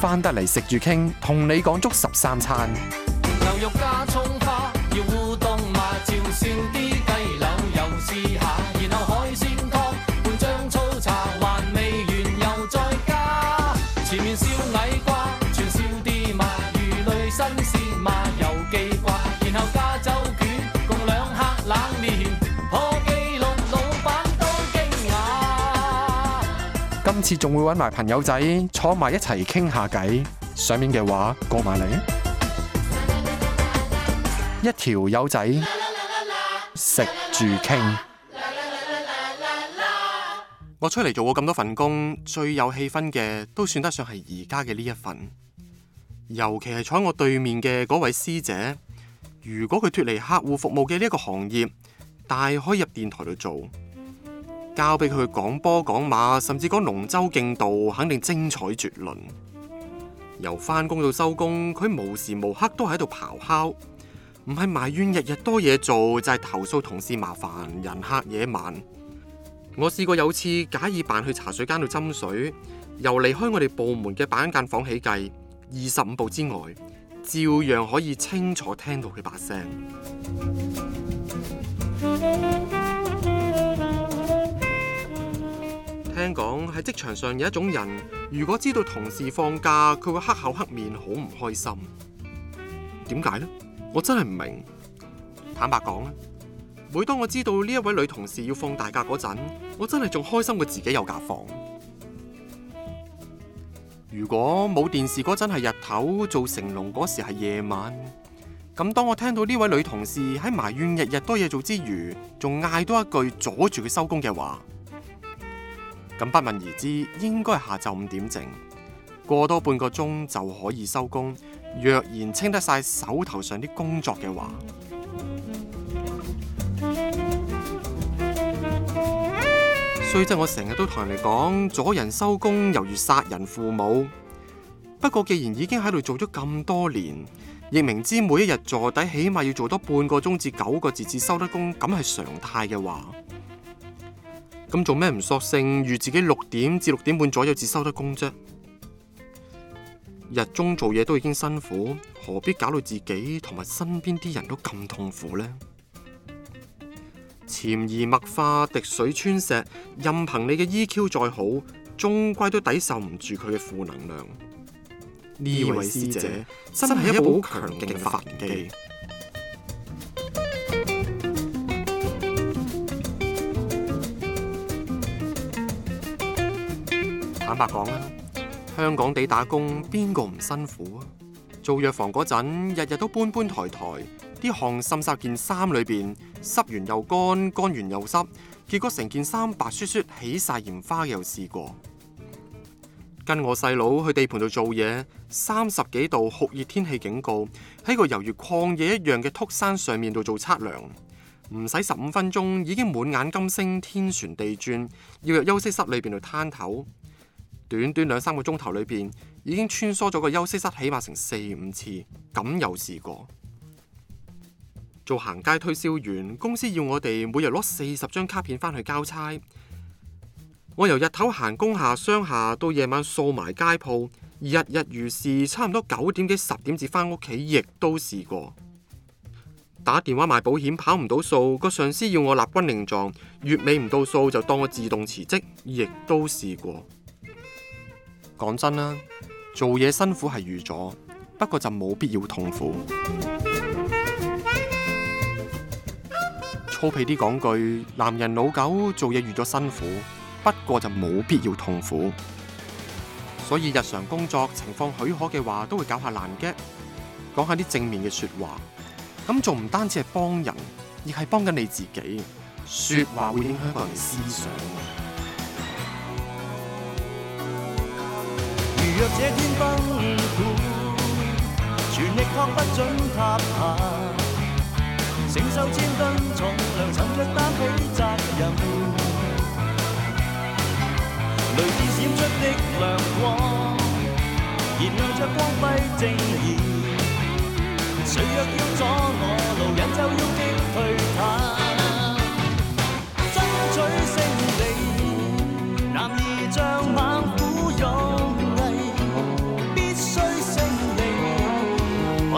翻得嚟食住傾，同你講足十三餐。牛肉加蔥花，要烏冬嘛？照燒啲雞柳又試下，然後海鮮湯，換張粗茶，還未完又再加。前面燒矮瓜，全燒啲麻魚類新鮮嘛？今次仲會揾埋朋友仔坐埋一齊傾下偈。上面嘅話過埋嚟，一條友仔啦啦啦啦食住傾。我出嚟做過咁多份工，最有氣氛嘅都算得上係而家嘅呢一份。尤其係坐我對面嘅嗰位師姐，如果佢脱離客戶服務嘅呢一個行業，大可以入電台度做。交俾佢講波講馬，甚至講龍舟競渡，肯定精彩絕倫。由返工到收工，佢無時無刻都喺度咆哮，唔係埋怨日日多嘢做，就係、是、投訴同事麻煩人黑嘢慢。我試過有次假意扮去茶水間度斟水，由離開我哋部門嘅板間房起計，二十五步之外，照樣可以清楚聽到佢把聲。聽講喺職場上有一種人，如果知道同事放假，佢會黑口黑面，好唔開心。點解呢？我真係唔明。坦白講，每當我知道呢一位女同事要放大假嗰陣，我真係仲開心過自己有假放。如果冇電視嗰陣係日頭，做成龍嗰時係夜晚，咁當我聽到呢位女同事喺埋怨日日多嘢做之餘，仲嗌多一句阻住佢收工嘅話。咁不問而知，應該下晝五點整，過多半個鐘就可以收工。若然清得晒手頭上啲工作嘅話，雖則、嗯、我成日都同人哋講，阻人收工猶如殺人父母。不過既然已經喺度做咗咁多年，亦明知每一日坐底起碼要做多半個鐘至九個字至收得工，咁係常態嘅話。咁做咩唔索性預自己六點至六點半左右至收得工啫？日中做嘢都已經辛苦，何必搞到自己同埋身邊啲人都咁痛苦呢？潛移默化，滴水穿石，任憑你嘅 EQ 再好，終歸都抵受唔住佢嘅負能量。呢位師姐真係一,一部強勁嘅法技。坦白講香港地打工邊個唔辛苦啊？做藥房嗰陣，日日都搬搬抬抬，啲汗滲晒件衫裏邊，濕完又乾，乾完又濕，結果成件衫白雪雪起晒鹽花又試過。跟我細佬去地盤度做嘢，三十幾度酷熱天氣警告，喺個猶如曠野一樣嘅禿山上面度做測量，唔使十五分鐘已經滿眼金星，天旋地轉，要入休息室裏邊度攤頭。短短兩三個鐘頭裏邊，已經穿梭咗個休息室，起碼成四五次。咁又試過做行街推銷員，公司要我哋每日攞四十張卡片返去交差。我由日頭行工下商下，到夜晚掃埋街鋪，日日如是，差唔多九點幾十點至返屋企，亦都試過打電話賣保險，跑唔到數，個上司要我立軍令狀，月尾唔到數就當我自動辭職，亦都試過。講真啦，做嘢辛苦係預咗，不過就冇必要痛苦。粗鄙啲講句，男人老狗做嘢預咗辛苦，不過就冇必要痛苦。所以日常工作情況許可嘅話，都會搞下爛 gag，講下啲正面嘅說話。咁仲唔單止係幫人，而係幫緊你自己。說話會影響人思想。若這天崩潰，全力卻不准塌下，承受千噸重量，沉着擔起責任。雷電閃出的亮光，燃亮着光輝正義。誰若要阻我路，人就要擊退它。爭取勝利。男兒像馬。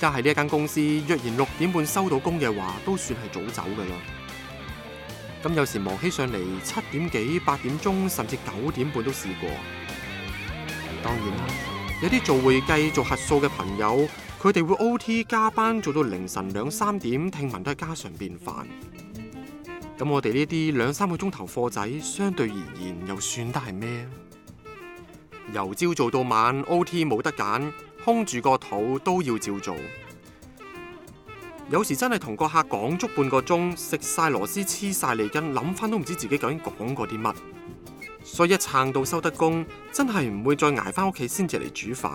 而家係呢一間公司，若然六點半收到工嘅話，都算係早走噶啦。咁有時忙起上嚟，七點幾、八點鐘，甚至九點半都試過。當然，有啲做會計做核數嘅朋友，佢哋會 OT 加班做到凌晨兩三點，聽聞都係家常便飯。咁我哋呢啲兩三個鐘頭貨仔，相對而言又算得係咩？由朝做到晚，OT 冇得揀。封住個肚都要照做，有時真係同個客講足半個鐘，食晒螺絲，黐晒脷根，諗翻都唔知自己究竟講過啲乜，所以一撐到收得工，真係唔會再挨返屋企先至嚟煮飯，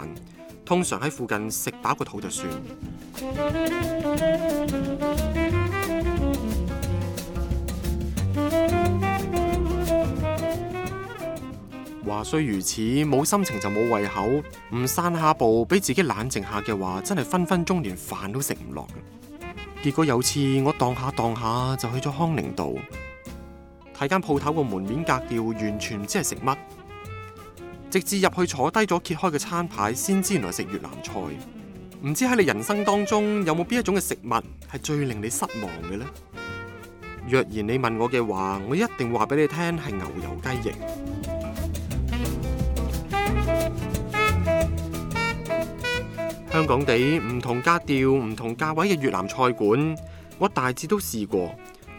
通常喺附近食飽個肚就算。話雖如此，冇心情就冇胃口，唔散下步，俾自己冷靜下嘅話，真係分分鐘連飯都食唔落。結果有次我蕩下蕩下就去咗康寧道，睇間鋪頭個門面格調，完全唔知係食乜，直至入去坐低咗揭開嘅餐牌，先知原來食越南菜。唔知喺你人生當中有冇邊一種嘅食物係最令你失望嘅呢？若然你問我嘅話，我一定話俾你聽係牛油雞翼。香港地唔同格調、唔同價位嘅越南菜館，我大致都試過，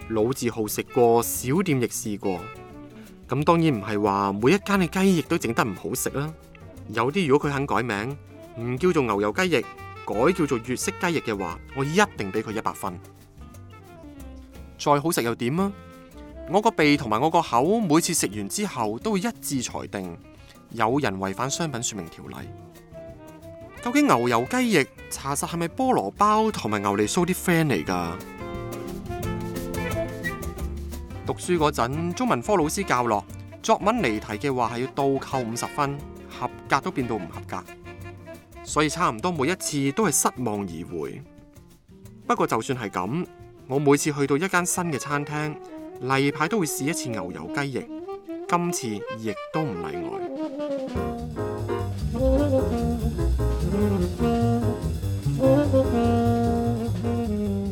老字號食過，小店亦試過。咁當然唔係話每一間嘅雞翼都整得唔好食啦。有啲如果佢肯改名，唔叫做牛油雞翼，改叫做越式雞翼嘅話，我一定俾佢一百分。再好食又點啊？我個鼻同埋我個口每次食完之後都會一致裁定，有人違反商品說明條例。究竟牛油雞翼，查實係咪菠蘿包同埋牛脷酥啲 friend 嚟㗎？讀書嗰陣，中文科老師教落，作文離題嘅話，係要倒扣五十分，合格都變到唔合格。所以差唔多每一次都係失望而回。不過就算係咁，我每次去到一間新嘅餐廳，例牌都會試一次牛油雞翼，今次亦都唔例外。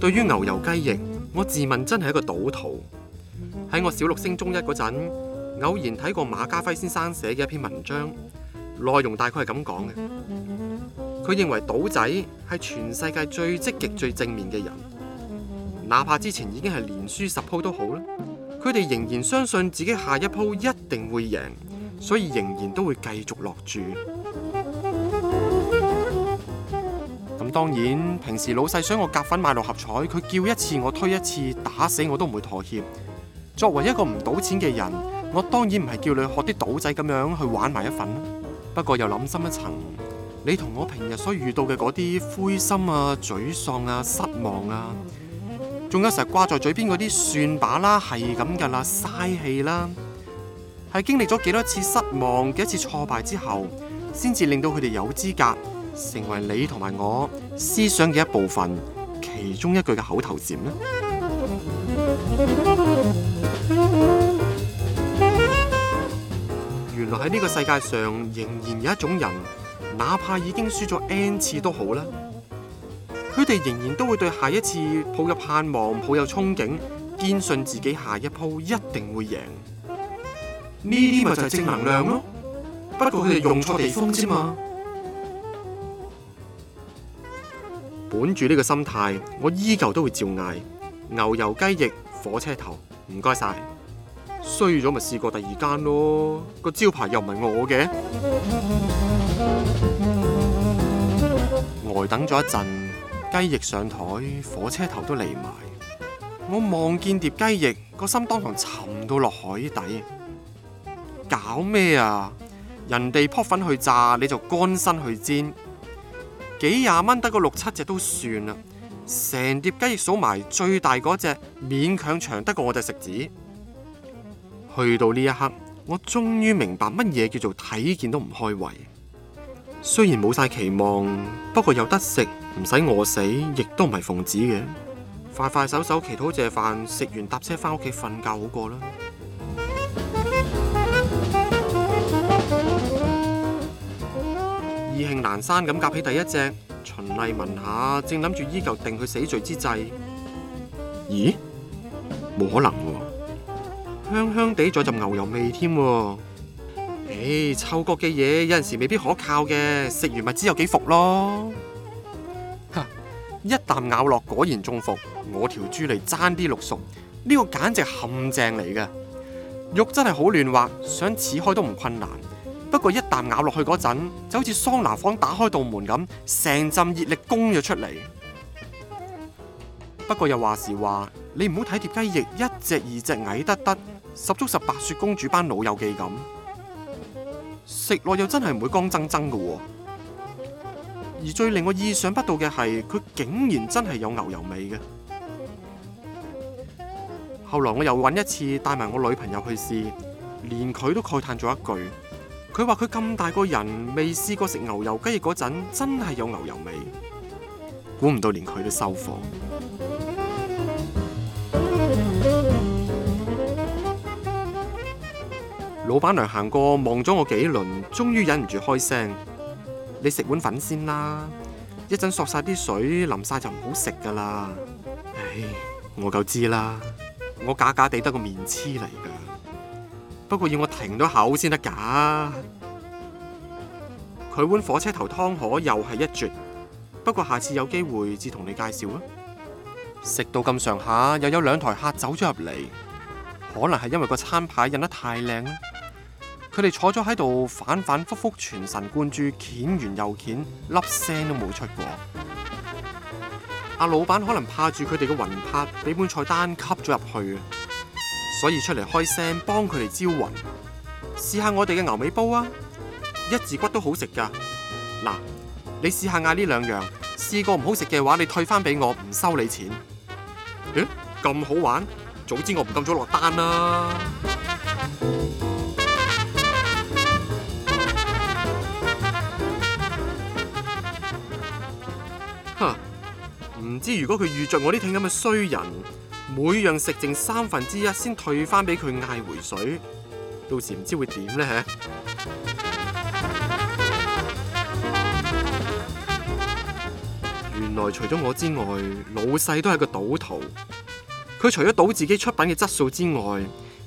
對於牛油雞翼，我自問真係一個賭徒。喺我小六升中一嗰陣，偶然睇過馬家輝先生寫嘅一篇文章，內容大概係咁講嘅。佢認為賭仔係全世界最積極、最正面嘅人，哪怕之前已經係連輸十鋪都好啦，佢哋仍然相信自己下一鋪一定會贏，所以仍然都會繼續落注。當然，平時老細想我夾份買六合彩，佢叫一次我推一次，打死我都唔會妥協。作為一個唔賭錢嘅人，我當然唔係叫你學啲賭仔咁樣去玩埋一份。不過又諗深一層，你同我平日所遇到嘅嗰啲灰心啊、沮喪啊、失望啊，仲有成日掛在嘴邊嗰啲算把啦，係咁噶啦，嘥氣啦，係經歷咗幾多次失望幾多次挫敗之後，先至令到佢哋有資格成為你同埋我。思想嘅一部分，其中一句嘅口頭禪咧，原來喺呢個世界上仍然有一種人，哪怕已經輸咗 N 次都好啦，佢哋仍然都會對下一次抱有盼望，抱有憧憬，堅信自己下一鋪一定會贏。呢啲咪就係正能量咯，不過佢哋用錯地方啫嘛。管住呢個心態，我依舊都會照嗌牛油雞翼、火車頭。唔該晒，衰咗咪試過第二間咯。個招牌又唔係我嘅。呆等咗一陣，雞翼上台，火車頭都嚟埋。我望見碟雞翼，個心當堂沉到落海底。搞咩啊？人哋撲粉去炸，你就乾身去煎。幾廿蚊得個六七隻都算啦，成碟雞翼數埋最大嗰隻，勉強長得過我隻食指。去到呢一刻，我終於明白乜嘢叫做睇見都唔開胃。雖然冇晒期望，不過有得食唔使餓死，亦都唔係奉旨嘅。快快手手祈禱謝飯，食完搭車翻屋企瞓覺好過啦。意興闌珊咁夾起第一隻，循例聞下，正諗住依舊定佢死罪之際，咦？冇可能喎、啊！香香地咗就牛油味添，唉、哎，嗅覺嘅嘢有陣時未必可靠嘅，食完咪知有幾服咯。 一啖咬落果然中伏，我條豬嚟爭啲六熟，呢、這個簡直陷阱嚟嘅。肉真係好嫩滑，想切開都唔困難。不過一啖咬落去嗰陣，就好似桑拿房打開道門咁，成陣熱力攻咗出嚟。不過又話時話，你唔好睇碟雞翼，一隻二隻矮得得，十足十白雪公主班老友記咁。食落又真係唔會乾爭爭嘅，而最令我意想不到嘅係，佢竟然真係有牛油味嘅。後來我又搵一次帶埋我女朋友去試，連佢都慨嘆咗一句。佢話：佢咁大個人未試過食牛油雞翼嗰陣，真係有牛油味。估唔到連佢都收貨。 老闆娘行過望咗我幾輪，終於忍唔住開聲：你食碗粉先啦，一陣索晒啲水淋晒就唔好食噶啦。唉，我就知啦，我假假地得個面痴嚟㗎。不過要我停到口先得噶，佢碗火車頭湯河又係一絕。不過下次有機會至同你介紹啦。食到咁上下，又有兩台客走咗入嚟，可能係因為個餐牌印得太靚。佢哋坐咗喺度，反反復復，全神貫注，鉗完又鉗，粒聲都冇出過。阿老闆可能怕住佢哋嘅魂魄俾碗菜單吸咗入去。可以出嚟開聲幫佢哋招魂，試下我哋嘅牛尾煲啊，一字骨都好食噶。嗱，你試下嗌呢兩樣，試過唔好食嘅話，你退返俾我，唔收你錢。嗯，咁好玩，早知我唔咁早落單啦。哼、啊，唔知如果佢遇着我呢挺咁嘅衰人。每樣食剩三分之一先退翻俾佢嗌回水，到時唔知會點呢？原來除咗我之外，老細都係個賭徒。佢除咗賭自己出品嘅質素之外，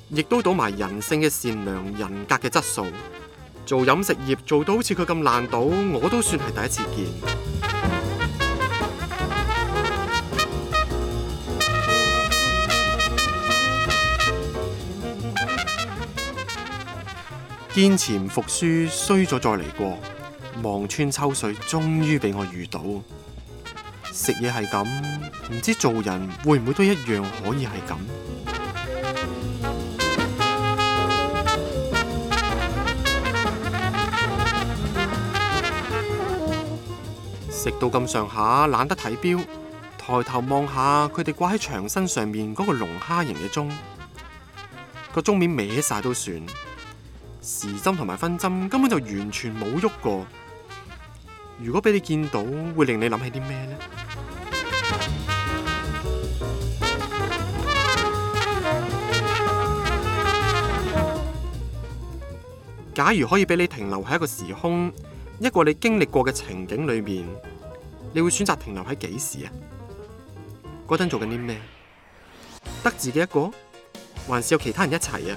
亦都賭埋人性嘅善良、人格嘅質素。做飲食業做到好似佢咁爛賭，我都算係第一次見。堅持唔服輸，衰咗再嚟過。望穿秋水，終於俾我遇到。食嘢係咁，唔知做人會唔會都一樣可以係咁。食 到咁上下，懶得睇錶，抬頭望下佢哋掛喺牆身上面嗰個龍蝦型嘅鐘，個鐘面歪晒都算。時針同埋分針根本就完全冇喐過。如果俾你見到，會令你諗起啲咩呢？假如可以俾你停留喺一個時空，一個你經歷過嘅情景裏面，你會選擇停留喺幾時啊？嗰陣做緊啲咩？得自己一個，還是有其他人一齊啊？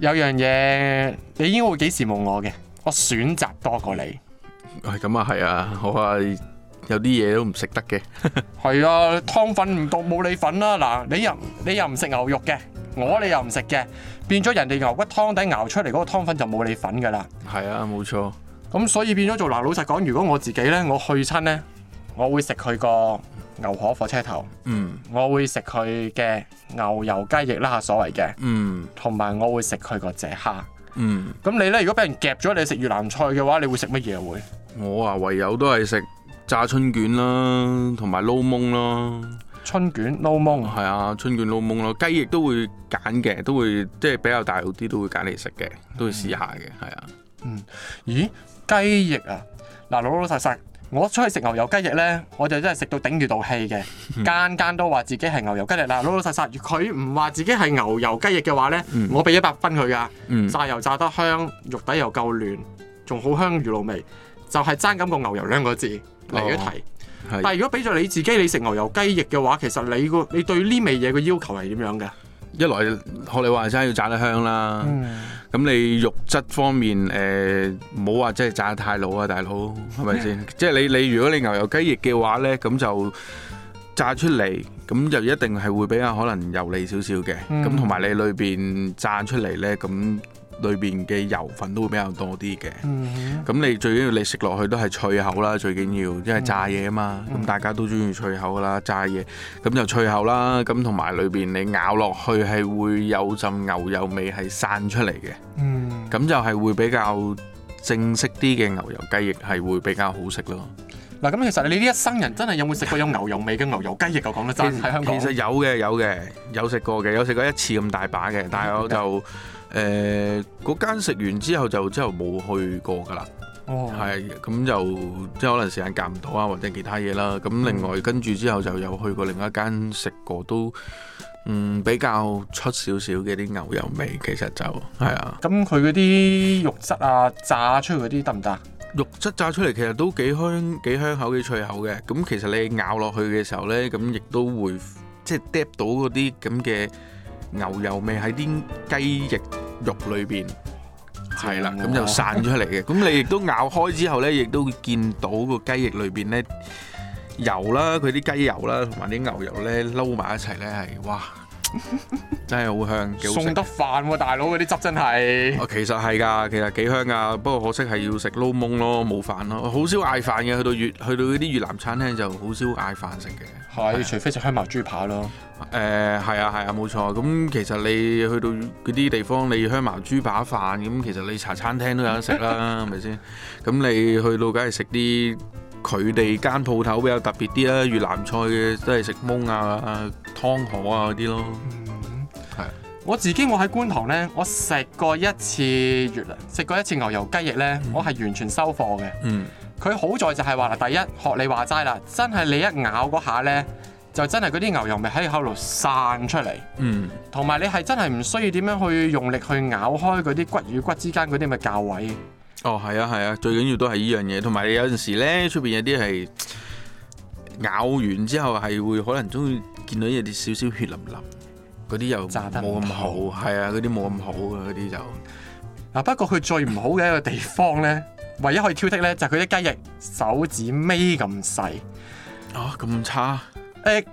有樣嘢你應該會幾羨慕我嘅，我選擇多過你，哎。係咁啊，好啊，我係有啲嘢都唔食得嘅。係啊，湯粉唔到冇你粉啦，啊。嗱，你又你又唔食牛肉嘅，我你又唔食嘅，變咗人哋牛骨湯底熬出嚟嗰個湯粉就冇你粉噶啦。係啊，冇錯。咁所以變咗做。嗱，老實講，如果我自己咧，我去親咧，我會食佢個。牛河、火車頭，嗯，我會食佢嘅牛油雞翼啦、啊，所謂嘅，嗯，同埋我會食佢個蔗蝦，嗯。咁你咧，如果俾人夾咗你食越南菜嘅話，你會食乜嘢會？我啊，唯有都係食炸春卷啦，同埋撈檬啦。春卷、撈檬。係啊，春卷、撈檬咯，雞翼都會揀嘅，都會即係比較大路啲，都會揀嚟食嘅，嗯、都會試下嘅，係啊。嗯。咦？雞翼啊，嗱、啊，老老實實。我出去食牛油雞翼呢，我就真係食到頂住度氣嘅，間間、嗯、都話自己係牛油雞翼啦。老老實實，佢唔話自己係牛油雞翼嘅話呢、嗯、我俾一百分佢㗎。嗯、炸又炸得香，肉底又夠嫩，仲好香魚露味，就係爭咁個牛油兩個字嚟咗題。哦哦。但係如果俾咗你自己，你食牛油雞翼嘅話，其實你個你對呢味嘢嘅要求係點樣嘅？一來學你話齋要炸得香啦，咁、嗯、你肉質方面誒，冇話即係炸得太老啊，大佬，係咪先？即係、就是、你你如果你牛油雞翼嘅話咧，咁就炸出嚟，咁就一定係會比較可能油膩少少嘅，咁同埋你裏邊炸出嚟咧，咁。裏邊嘅油份都會比較多啲嘅、mm，咁、hmm. 你最緊要你食落去都係脆口啦，最緊要，因為炸嘢啊嘛，咁、mm hmm. 大家都中意脆口噶啦，炸嘢咁就脆口啦，咁同埋裏邊你咬落去係會有陣牛油味係散出嚟嘅，咁、mm hmm. 就係會比較正式啲嘅牛油雞翼係會比較好食咯。嗱，咁其實你呢一生人真係有冇食過有牛油味嘅牛油雞翼？ 我講得真係香港。其實有嘅，有嘅，有食過嘅，有食過一次咁大把嘅，但係我就誒嗰間食完之後就之後冇去過㗎啦。哦，係咁就即係可能時間夾唔到啊，或者其他嘢啦。咁另外跟住、嗯、之後就有去過另一間食過，都嗯比較出少少嘅啲牛油味。其實就係啊。咁佢嗰啲肉質啊，炸出去嗰啲得唔得？肉質炸出嚟其實都幾香幾香口幾脆口嘅，咁其實你咬落去嘅時候呢，咁亦都會即係釷到嗰啲咁嘅牛油味喺啲雞翼肉裏邊，係啦、嗯，咁就散出嚟嘅。咁、嗯、你亦都咬開之後呢，亦都會見到個雞翼裏邊呢油啦，佢啲雞油啦同埋啲牛油呢撈埋一齊呢，係哇！ 真係好香，好送得飯喎、啊，大佬嗰啲汁真係。啊、哦，其實係㗎，其實幾香㗎，不過可惜係要食撈檬咯，冇飯咯，好少嗌飯嘅，去到越去到啲越南餐廳就好少嗌飯食嘅，係是、啊、除非食香茅豬排咯。誒、呃，係啊，係啊，冇錯。咁其實你去到嗰啲地方，你香茅豬扒飯，咁其實你茶餐廳都有得食啦，係咪先？咁你去到梗係食啲。佢哋間鋪頭比較特別啲啦，越南菜嘅都係食檬啊、湯河啊嗰啲咯。嗯，係。我自己我喺觀塘呢，我食過一次越食過一次牛油雞翼呢，嗯、我係完全收貨嘅。嗯。佢好在就係話啦，第一學你話齋啦，真係你一咬嗰下呢，就真係嗰啲牛油味喺口度散出嚟。嗯。同埋你係真係唔需要點樣去用力去咬開嗰啲骨與骨之間嗰啲咁嘅較位。哦，係啊，係啊，最緊要都係依樣嘢，同埋有陣時咧，出邊有啲係咬完之後係會可能中意見到有啲少少血淋淋，嗰啲又冇咁好，係啊，嗰啲冇咁好啊。嗰啲就。嗱、啊，不過佢最唔好嘅一個地方咧， 唯一可以挑剔咧，就係佢啲雞翼手指尾咁細。啊、哦，咁差？誒、欸。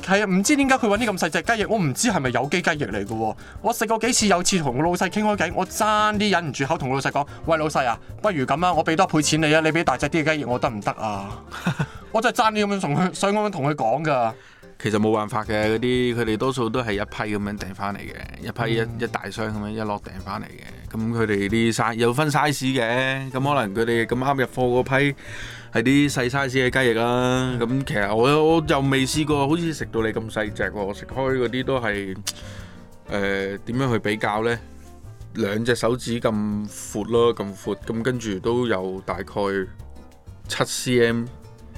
係啊，唔知點解佢揾啲咁細隻雞翼，我唔知係咪有機雞翼嚟嘅喎。我食過幾次，有次同老細傾開偈，我爭啲忍唔住口同老細講，喂老細啊，不如咁啊， 我俾多倍錢你啊，你俾大隻啲嘅雞翼我得唔得啊？我真係爭啲咁樣同佢，所以我咁樣同佢講㗎。其實冇辦法嘅嗰啲，佢哋多數都係一批咁樣訂翻嚟嘅，一批一一大箱咁樣一落訂翻嚟嘅。咁佢哋啲又有分 size 嘅，咁可能佢哋咁啱入貨嗰批係啲細 size 嘅雞翼啦。咁其實我我就未試過，好似食到你咁細隻，我食開嗰啲都係誒點樣去比較咧？兩隻手指咁闊咯，咁闊，咁跟住都有大概七 cm。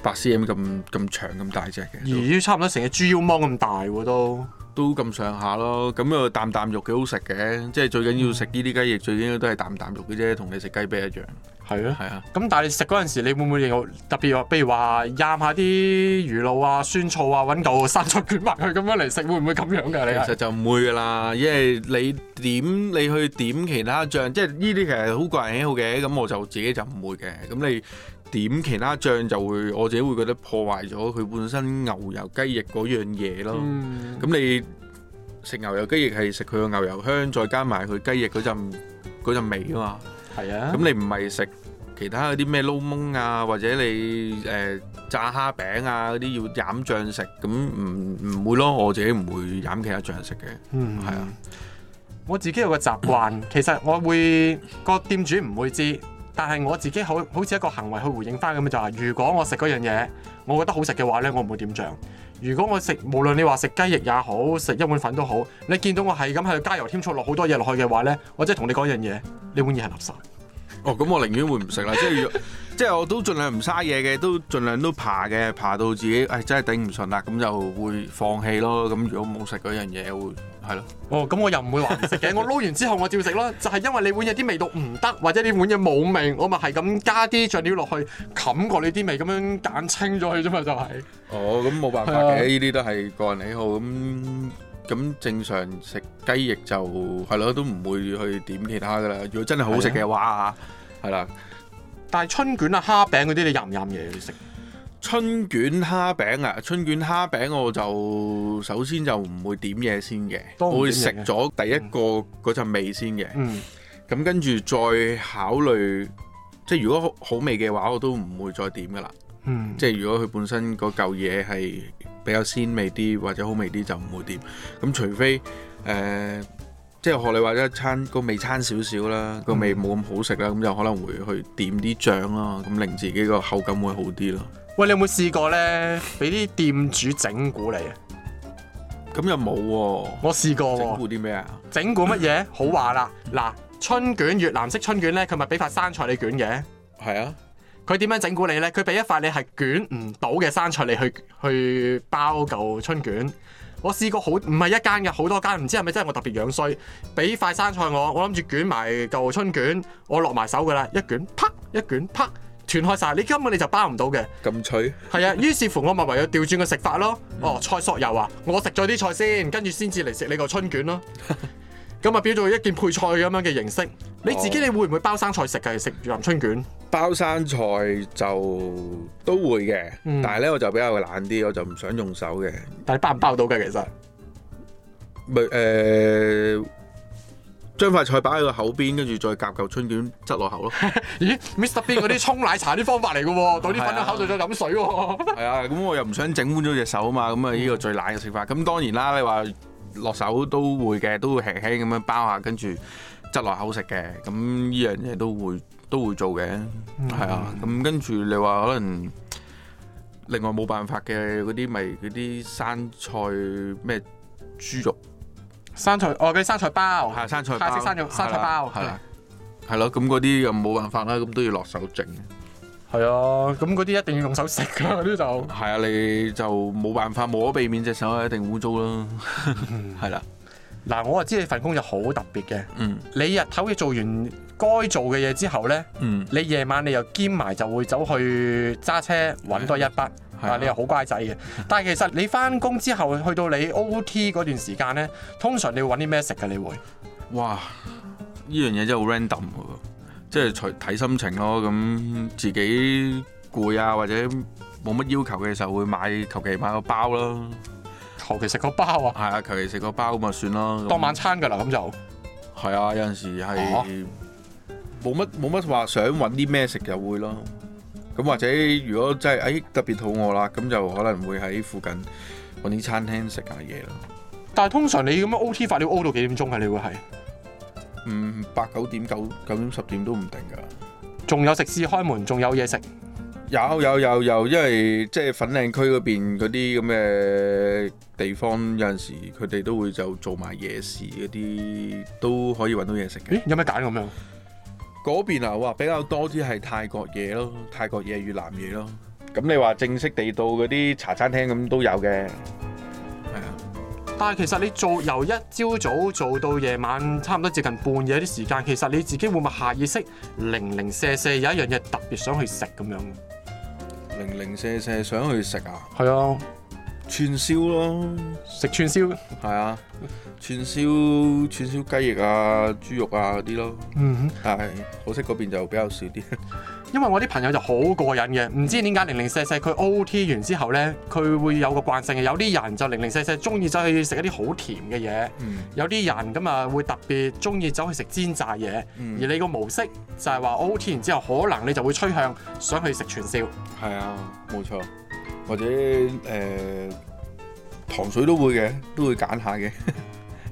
八 cm 咁咁長咁大隻嘅，而要差唔多成隻豬腰芒咁大喎、啊、都，都咁上下咯。咁啊啖啖肉幾好食嘅，即係最緊要食呢啲雞翼，嗯、最緊要都係啖啖肉嘅啫，同你食雞髀一樣。係啊，係啊。咁、嗯、但係你食嗰陣時，你會唔會有特別話，譬如話蘸下啲魚露啊、酸醋啊，揾到生菜捲埋去咁樣嚟食，會唔會咁樣㗎？你其實就唔會㗎啦，因為你點你去點其他醬，即係呢啲其實好個人喜好嘅。咁我就自己就唔會嘅。咁你。點其他醬就會我自己會覺得破壞咗佢本身牛油雞翼嗰樣嘢咯。咁、嗯、你食牛油雞翼係食佢個牛油香，再加埋佢雞翼嗰陣、嗰陣味啊嘛。係啊。咁你唔係食其他嗰啲咩撈檬啊，或者你誒、呃、炸蝦餅啊嗰啲要點醬食，咁唔唔會咯。我自己唔會點其他醬食嘅。嗯，係啊。我自己有個習慣，嗯、其實我會、個店主唔會知。但係我自己好好似一個行為去回應翻咁就話、係，如果我食嗰樣嘢，我覺得好食嘅話咧，我唔會點醬。如果我食，無論你話食雞翼也好，食一碗粉都好，你見到我係咁喺度加油添醋落好多嘢落去嘅話咧，我真係同你講一樣嘢，呢碗嘢係垃圾。哦，咁我寧願會唔食啦，即係即係我都盡量唔嘥嘢嘅，都盡量都爬嘅，爬到自己誒、哎、真係頂唔順啦，咁就會放棄咯。咁如果冇食嗰樣嘢，會。係咯，哦，咁我又唔會話唔食嘅，我撈完之後我照食咯，就係因為你碗嘢啲味道唔得，或者你碗嘢冇味，我咪係咁加啲醬料落去冚過你啲味，咁樣揀清咗佢啫嘛，就係。哦，咁冇辦法嘅，呢啲都係個人喜好。咁咁正常食雞翼就係咯，都唔會去點其他噶啦。如果真係好好食嘅話，係啦。但係春卷啊、蝦餅嗰啲，你飲唔飲嘢食？春卷蝦餅啊！春捲蝦餅，我就首先就唔會點嘢先嘅，唔我會食咗第一個嗰陣味先嘅。嗯。咁跟住再考慮，即係如果好好味嘅話，我都唔會再點噶啦。嗯。即係如果佢本身嗰嚿嘢係比較鮮味啲或者好味啲，就唔會點。咁除非誒、呃，即係學你話齋一餐個味差少少啦，個味冇咁好食啦，咁、嗯、就可能會去點啲醬啦，咁令自己個口感會好啲咯。喂，你有冇試過呢？俾啲店主整蠱你啊？咁又冇喎，我試過。整蠱啲咩啊？整蠱乜嘢？好話啦，嗱，春卷，越南式春卷呢，佢咪俾塊生菜你捲嘅？係啊。佢點樣整蠱你呢？佢俾一塊你係捲唔到嘅生菜你去去包舊春卷。我試過好，唔係一間嘅，好多間。唔知係咪真係我特別樣衰？俾塊生菜我，我諗住捲埋舊春卷，我落埋手噶啦，一捲啪，一捲啪。斷開晒，你根本你就包唔到嘅，咁麼脆。係 啊，於是乎我咪唯有調轉個食法咯。嗯、哦，菜索油啊，我食咗啲菜先，跟住先至嚟食你個春卷咯。咁日 表做一件配菜咁樣嘅形式。哦、你自己你會唔會包生菜食噶？食鹹春卷。包生菜就都會嘅，嗯、但係咧我就比較懶啲，我就唔想用手嘅。但係包唔包到嘅其實。咪誒。呃將塊菜擺喺個口邊，跟住再夾嚿春卷，擠落口咯。 咦，Mr. Bean 嗰啲沖奶茶啲方法嚟嘅喎，倒啲 粉喺口就再飲水喎。係啊，咁、啊 啊、我又唔想整污咗隻手啊嘛，咁啊呢個最懶嘅食法。咁當然啦，你話落手都會嘅，都會輕輕咁樣包下，跟住擠落口食嘅。咁呢樣嘢都會都會做嘅，係、嗯、啊。咁跟住你話可能另外冇辦法嘅嗰啲咪嗰啲生菜咩豬肉。生菜，我嘅生菜包，係生菜。黑生菜包，係。係咯的，咁嗰啲又冇辦法啦，咁都要落手整。係啊，咁嗰啲一定要用手食噶，嗰啲就。係啊，你就冇辦法，冇可避免隻手一定污糟啦。係 啦、嗯。嗱的，我就知你份工就好特別嘅。嗯。你日頭你做完該做嘅嘢之後咧，嗯。你夜晚你又兼埋，就會走去揸車揾多一筆。但係你又好乖仔嘅，啊、但係其實你翻工之後去到你 O T 嗰段時間咧，通常你揾啲咩食嘅？你會？哇！呢樣嘢真係好 random 喎，即係除睇心情咯。咁自己攰啊，或者冇乜要求嘅時候，會買求其買個包啦。求其食個包啊？係啊，求其食個包咁咪算咯。當晚餐㗎啦，咁就係啊。有陣時係冇乜冇乜話想揾啲咩食就會咯。咁或者如果真係誒、哎、特別肚餓啦，咁就可能會喺附近揾啲餐廳食下嘢咯。但係通常你咁樣 O.T. 法，你會 O 到幾點鐘啊？你會係嗯，八九點九九點十點都唔定㗎。仲有食肆開門，仲有嘢食。有有有有，因為即係粉嶺區嗰邊嗰啲咁嘅地方，有陣時佢哋都會就做埋夜市嗰啲，都可以揾到嘢食嘅。有咩揀咁樣？嗰邊啊，哇，比較多啲係泰國嘢咯，泰國嘢、越南嘢咯。咁你話正式地道嗰啲茶餐廳咁都有嘅。係啊。但係其實你做由一朝早做到夜晚，差唔多接近半夜啲時間，其實你自己會唔會下意識零零舍舍有一樣嘢特別想去食咁樣？零零舍舍想去食啊？係啊。串燒咯，食串燒，係啊，串燒串燒雞翼啊、豬肉啊嗰啲咯。嗯哼，係，好食嗰邊就比較少啲。因為我啲朋友就好過癮嘅，唔知點解零零四四佢 OT 完之後咧，佢會有個慣性嘅。有啲人就零零四四中意走去食一啲好甜嘅嘢，嗯、有啲人咁啊會特別中意走去食煎炸嘢。嗯、而你個模式就係話 OT 完之後，可能你就會趨向想去食串燒。係啊，冇錯。或者誒糖水都會嘅，都會揀下嘅，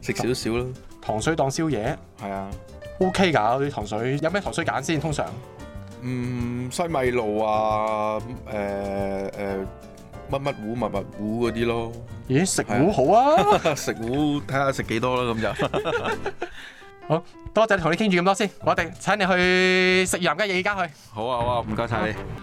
食少少咯。糖水當宵夜，係啊，OK 噶啲糖水。有咩糖水揀先？通常嗯西米露啊，誒誒乜乜糊密密糊嗰啲咯。咦，食糊好啊！食糊睇下食幾多啦咁就。好，多謝你同你傾住咁多先，我哋請你去食任家嘢而家去。好啊好啊，唔該曬你。